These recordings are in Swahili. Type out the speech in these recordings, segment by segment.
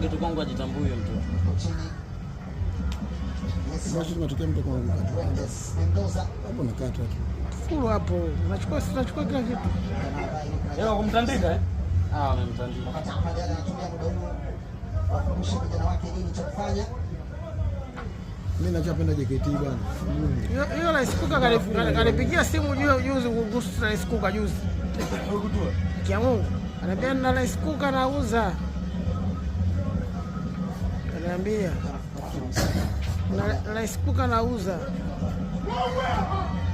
Kitu kwangu ajitambui huyo Hapo Fulu hapo. Unachukua si unachukua kila kitu. Yeye kumtandika eh? Ah, wamemtandika. Mimi nachopenda JKT bwana. Hiyo Rais Kuka kanipigia simu juu juzi kuhusu Rais Kuka juzi. Kiamu. Anapenda Rais Kuka nauza. Naambia Rice Cooker nauza,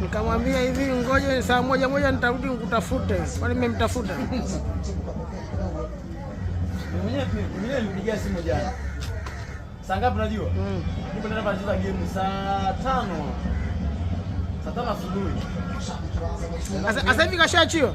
nikamwambia hivi, ngoje saa moja moja nitarudi nikutafute, kwani nimemtafuta mwenyewe. nilipigia simu jana saa ngapi? Unajua niko mm. tena nacheza game saa tano, saa tano asubuhi. hivi kashaachiwa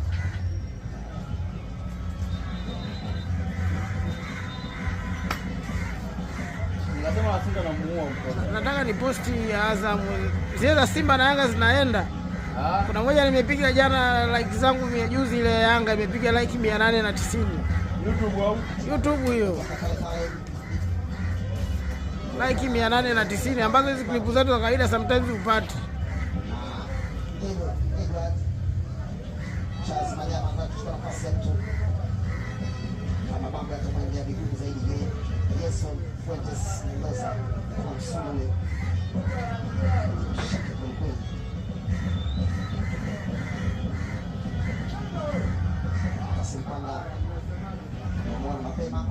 Nataka ni posti ya Azam zile za Simba na Yanga zinaenda. Kuna moja nimepiga jana like zangu mia juzi, ile Yanga imepiga like mia nane na tisini YouTube hiyo like mia nane na tisini ambazo hizi klipu zetu za kawaida sometimes hupati são fontes de masa, consumo, né? Chica com coisa. Assim, quando a mamona vai pegar,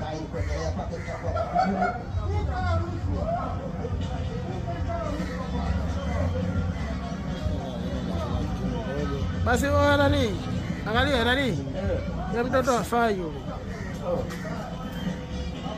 tá indo com é a ideia para tentar colocar Basi wewe nani? Angalia nani? Yeah. Ndio mtoto